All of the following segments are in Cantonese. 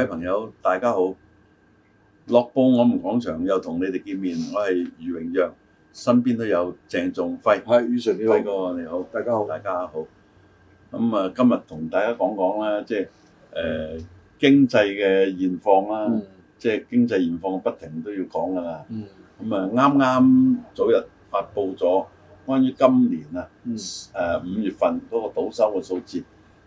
各位朋友，大家好！樂報我們講場又同你哋見面，我係余榮耀，身邊都有鄭仲輝，係，余 Sir，你好，輝哥，你好，大家好，大家好。咁啊，今日同大家講講啦，即係誒經濟嘅現況啦，即、嗯、係、就是、經濟現況不停都要講㗎啦。咁、嗯、啊，啱啱早日發布咗關於今年啊誒五月份嗰個倒收嘅數字。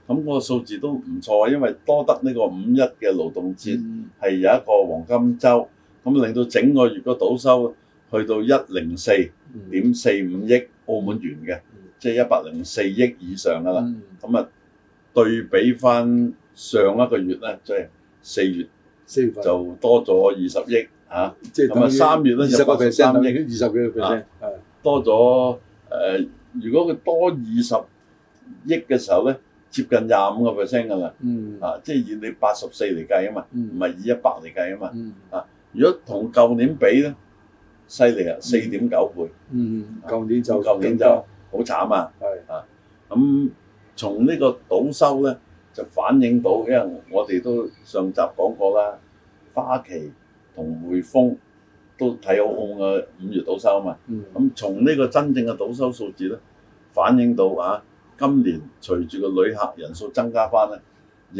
咁個數字都唔錯，因為多得呢個五一嘅勞動節係有一個黃金週，咁令到整個月個賭收去到一零四點四五億澳門元嘅，即係一百零四億以上㗎啦。咁啊對比翻上一個月咧，即係四月，四月份就多咗二十億嚇。咁啊三月咧，八十三億，二十幾個 percent，係多咗誒。如果佢多二十億嘅時候咧？接近廿五個 percent 㗎啦，啊，即係以你八十四嚟計啊嘛，唔、嗯、係以一百嚟計啊嘛、嗯，啊，如果同舊年比咧，犀利、嗯、啊，四點九倍，舊年就舊年就好慘啊，啊，咁、嗯、從個呢個賭收咧就反映到，因為我哋都上集講過啦，花旗同匯豐都睇好個五月賭收啊嘛，咁、嗯啊、從呢個真正嘅賭收數字咧反映到啊。今年隨住個旅客人數增加翻咧，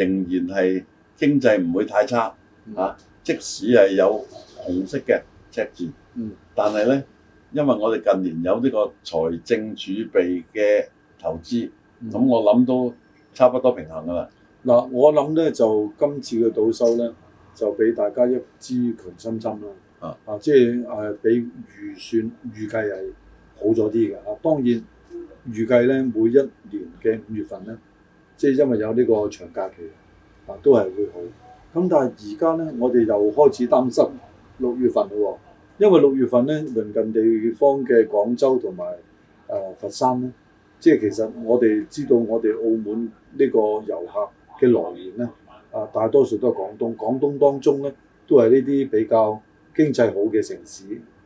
仍然係經濟唔會太差嚇、嗯啊。即使係有紅色嘅赤字，嗯、但係咧，因為我哋近年有呢個財政儲備嘅投資，咁、嗯、我諗都差不多平衡啊嘛。嗱、嗯，我諗咧就今次嘅倒收咧，就俾大家一支強心針啦。啊啊，即係誒俾預算預計係好咗啲嘅啊，當然。預計咧每一年嘅五月份咧，即係因為有呢個長假期啊，都係會好。咁但係而家咧，我哋又開始擔心六月份嘞喎、哦，因為六月份咧，鄰近地方嘅廣州同埋誒佛山咧，即係其實我哋知道我哋澳門呢個遊客嘅來源咧，啊大多數都係廣東，廣東當中咧都係呢啲比較經濟好嘅城市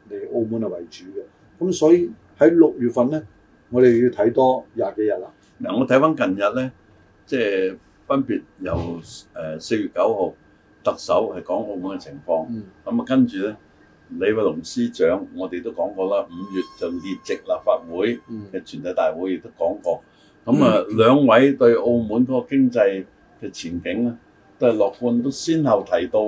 嚟澳門係為主嘅。咁所以喺六月份咧。我哋要睇多廿幾日啦。嗱，我睇翻近日咧，即係分別由誒四月九號特首係講澳門嘅情況，嗯，咁啊跟住咧李慧龍司長我們，我哋都講過啦，五月就列席立法會嘅全體大會，亦都講過。嗯，咁啊，兩位對澳門嗰個經濟嘅前景啊，都係樂觀，都先後提到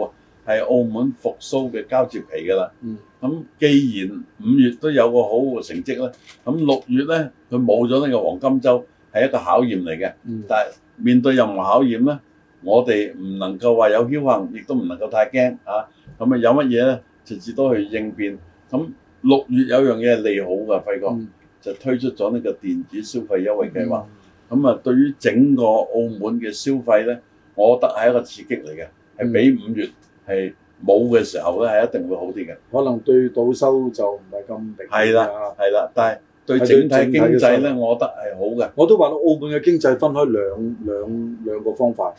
係澳門復甦嘅交接期㗎啦。嗯咁既然五月都有個好嘅成績咧，咁六月咧佢冇咗呢個黃金周，係一個考驗嚟嘅。但係面對任何考驗咧，我哋唔能夠話有僥倖，亦都唔能夠太驚啊。咁啊有乜嘢咧，直至都去應變。咁六月有樣嘢係利好嘅，輝哥、嗯、就推出咗呢個電子消費優惠計劃。咁、嗯、啊，對於整個澳門嘅消費咧，我覺得係一個刺激嚟嘅，係比五月係冇嘅時候咧，係一定會好啲嘅。可能對賭收就唔係咁明啊。係啦，係啦，但係對整體經濟咧，我覺得係好嘅。我都話到澳門嘅經濟分開兩兩兩個方法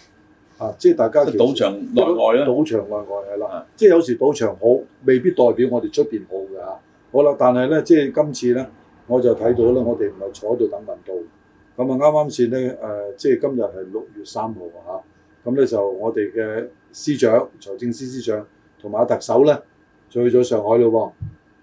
啊，即係大家賭場內外啦。賭場內外，賭場內外，係啦，即係有時賭場好，未必代表我哋出邊好㗎。好啦，但係咧，即係今次咧，我就睇到咧，我哋唔係坐喺度等運到。咁啊啱啱先呢，呃，即係今日係六月三號啊，咁咧就我哋嘅。司長、財政司司長同埋特首咧，就去咗上海咯喎。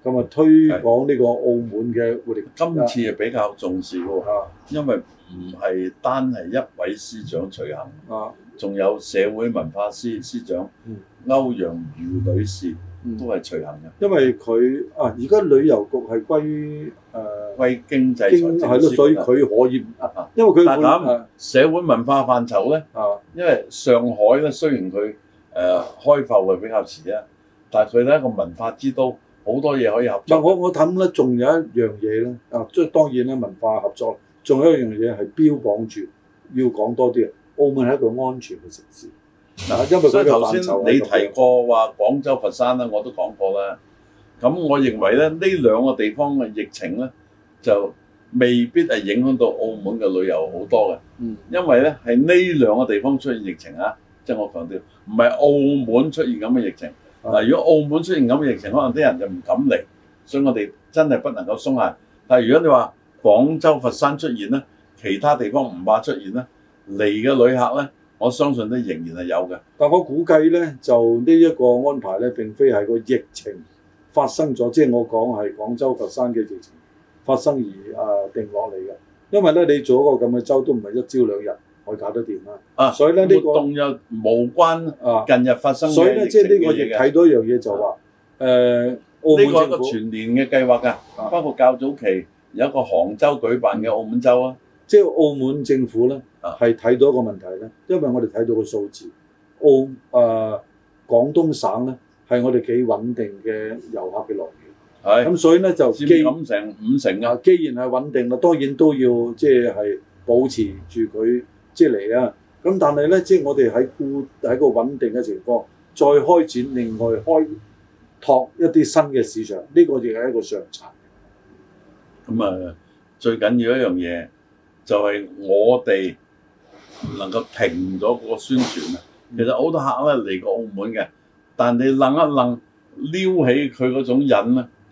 咁啊，推廣呢個澳門嘅活力。今次啊，比較重視喎、啊，因為唔係單係一位司長隨行，啊，仲有社會文化司司長、嗯、歐陽瑜女士、嗯、都係隨行嘅。因為佢啊，而家旅遊局係歸誒、啊，歸經濟財政司啊，所以佢可以，啊啊、因為佢管、啊、社會文化範疇咧。因為上海咧，雖然佢誒、呃、開埠會比較遲啦，但係佢咧一個文化之都，好多嘢可以合作。唔我我諗咧，仲有一樣嘢咧，啊即係當然咧，文化合作，仲有一樣嘢係標榜住要講多啲啊。澳門係一個安全嘅城市，嗱、啊，因為、啊、所以頭先你提過話廣州佛山咧，我都講過啦。咁我認為咧，呢兩個地方嘅疫情咧就，未必係影響到澳門嘅旅遊好多嘅、嗯，因為呢係呢兩個地方出現疫情啊，即係我強調，唔係澳門出現咁嘅疫情。嗱、啊，如果澳門出現咁嘅疫情，啊、可能啲人就唔敢嚟，所以我哋真係不能夠鬆懈。但係如果你話廣州、佛山出現呢，其他地方唔怕出現呢，嚟嘅旅客呢，我相信都仍然係有嘅。但我估計呢，就呢一個安排呢，並非係個疫情發生咗，即係我講係廣州、佛山嘅疫情。發生而啊定落嚟嘅，因為咧你做一個咁嘅周都唔係一朝兩日可以搞得掂啦、啊。啊，所以咧呢個動日無關啊。近日發生、啊、所以咧即係呢、就是、這個亦睇到一樣嘢就話，誒、啊，呢、啊啊、個係全年嘅計劃㗎、啊啊，包括較早期有一個杭州舉辦嘅澳門周啊，即、啊、係、就是、澳門政府咧係睇到一個問題咧，因為我哋睇到個數字，澳誒、啊、廣東省咧係我哋幾穩定嘅遊客嘅來源。咁所以咧就，先減成五成啊！既然係穩定啦，當然都要即係保持住佢即係嚟啊！咁、就是、但係咧，即、就、係、是、我哋喺固喺個穩定嘅情況，再開展另外開拓一啲新嘅市場，呢、這個亦係一個上策。咁、嗯、啊、嗯，最緊要一樣嘢就係、是、我哋唔能夠停咗個宣傳啊！其實好多客咧嚟過澳門嘅，但你楞一楞撩起佢嗰種癮咧。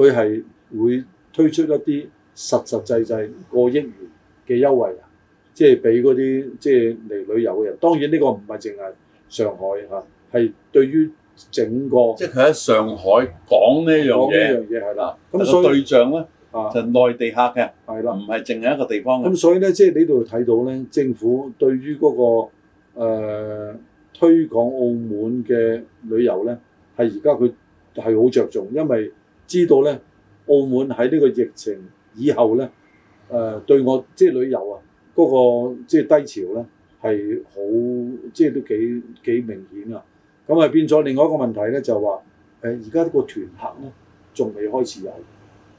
佢係會推出一啲實實際際過億元嘅優惠啊，即係俾嗰啲即係嚟旅遊嘅人。當然呢個唔係淨係上海嚇，係對於整個即係佢喺上海講呢樣嘢，呢樣嘢係啦。咁所以、嗰個、對象咧、啊、就係、內地客嘅係啦，唔係淨係一個地方。咁所以咧，即係呢度睇到咧，政府對於嗰、嗰個、呃、推廣澳門嘅旅遊咧，係而家佢係好着重，因為知道咧，澳門喺呢個疫情以後咧，誒、呃、對我即係旅遊啊，嗰個即係低潮咧係好即係都幾幾明顯啊！咁啊變咗另外一個問題咧，就話誒而家個團客咧仲未開始有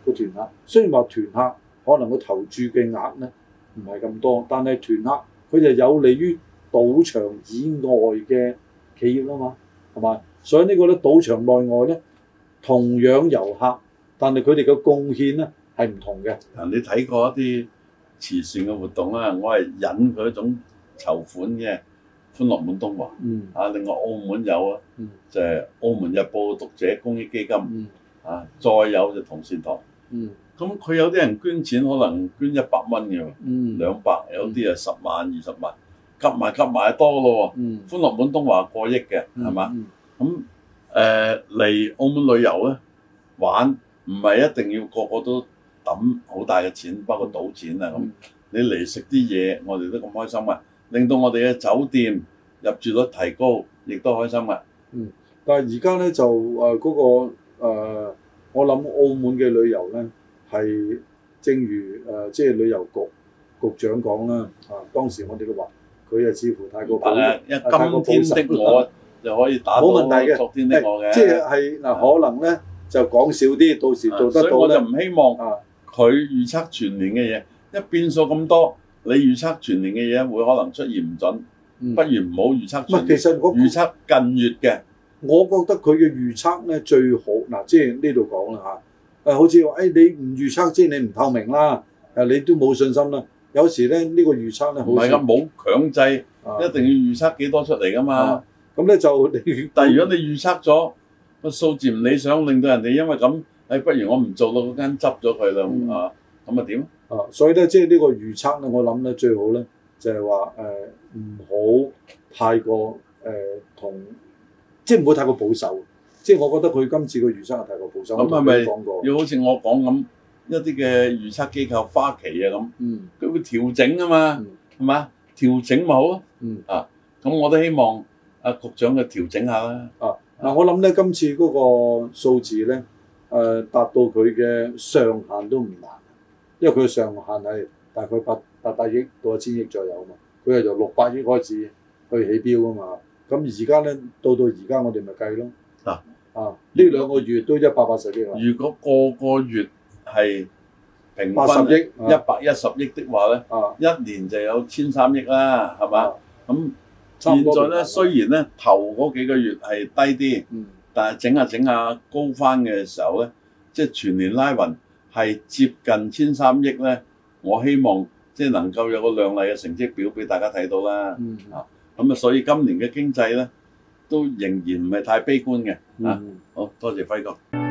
個團客，雖然話團客可能個投注嘅額咧唔係咁多，但係團客佢就有利於賭場以外嘅企業啊嘛，係嘛？所以呢個咧賭場內外咧。同樣遊客，但係佢哋嘅貢獻咧係唔同嘅。嗱、啊，你睇過一啲慈善嘅活動啦，我係引佢一種籌款嘅歡樂滿東華。嗯。啊，另外澳門有啊、嗯，就係、是、澳門日報讀者公益基金。嗯。啊，再有就同善堂。嗯。咁、嗯、佢有啲人捐錢，可能捐一百蚊嘅。嗯。兩百，有啲啊十萬、二、嗯、十萬，集埋集埋多咯。嗯。歡樂滿東華過億嘅，係、嗯、嘛？咁。誒嚟澳門旅遊咧玩，唔係一定要個個都揼好大嘅錢，包括賭錢啊咁。你嚟食啲嘢，我哋都咁開心啊！令到我哋嘅酒店入住率提高，亦都開心啊。嗯，但係而家咧就誒嗰個誒，我諗澳門嘅旅遊咧係正如誒即係旅遊局局長講啦，啊當時我哋都話佢誒似乎太過保守，太過保守。就可以打到冇問題丁丁我，昨天啲我嘅，即係嗱，可能咧就講少啲，到時做得到。所以我就唔希望佢預測全年嘅嘢、啊，一變數咁多，你預測全年嘅嘢會可能出現唔準、嗯，不如唔好預測全年、嗯、其實。預測近月嘅，我覺得佢嘅預測咧最好嗱，即係呢度講啦嚇好似話誒，你唔預測即係你唔透明啦，你都冇信心啦。有時咧呢、呢個預測咧，唔係咁，冇強制、啊、一定要預測幾多出嚟噶嘛。啊咁咧就你，但係如果你預測咗個、嗯、數字唔理想，令到人哋因為咁，誒，不如我唔做咯，嗰間執咗佢啦，咁、嗯、啊，咁啊點？啊，所以咧，即係呢個預測咧，我諗咧最好咧，就係話唔好太過同、呃，即係唔好太過保守。即係我覺得佢今次個預測係太過保守，咁、嗯、咪講過。係係要好似我講咁一啲嘅預測機構花旗啊咁，嗯，佢會調整啊嘛，係、嗯、嘛？調整咪好咯，嗯啊，咁我都希望。阿局長嘅調整下啦。啊，嗱，我諗咧，今次嗰個數字咧，誒、啊、達到佢嘅上限都唔難，因為佢上限係大概八八百億到一千億左右啊嘛。佢係由六百億開始去起標啊嘛。咁而家咧，到到而家我哋咪計咯。嗱，啊，呢、啊、兩、啊啊、個月都一百八十億。如果個個月係平均八十億、一百一十億的話咧、啊，一年就有千三億啦，係、啊、嘛？咁。現在咧，雖然咧頭嗰幾個月係低啲、嗯，但整下整下高返嘅時候咧，即係全年拉勻係接近千三億咧。我希望即係能夠有個亮麗嘅成績表俾大家睇到啦。啊、嗯，咁啊，所以今年嘅經濟咧都仍然唔係太悲觀嘅、嗯。啊，好多謝輝哥。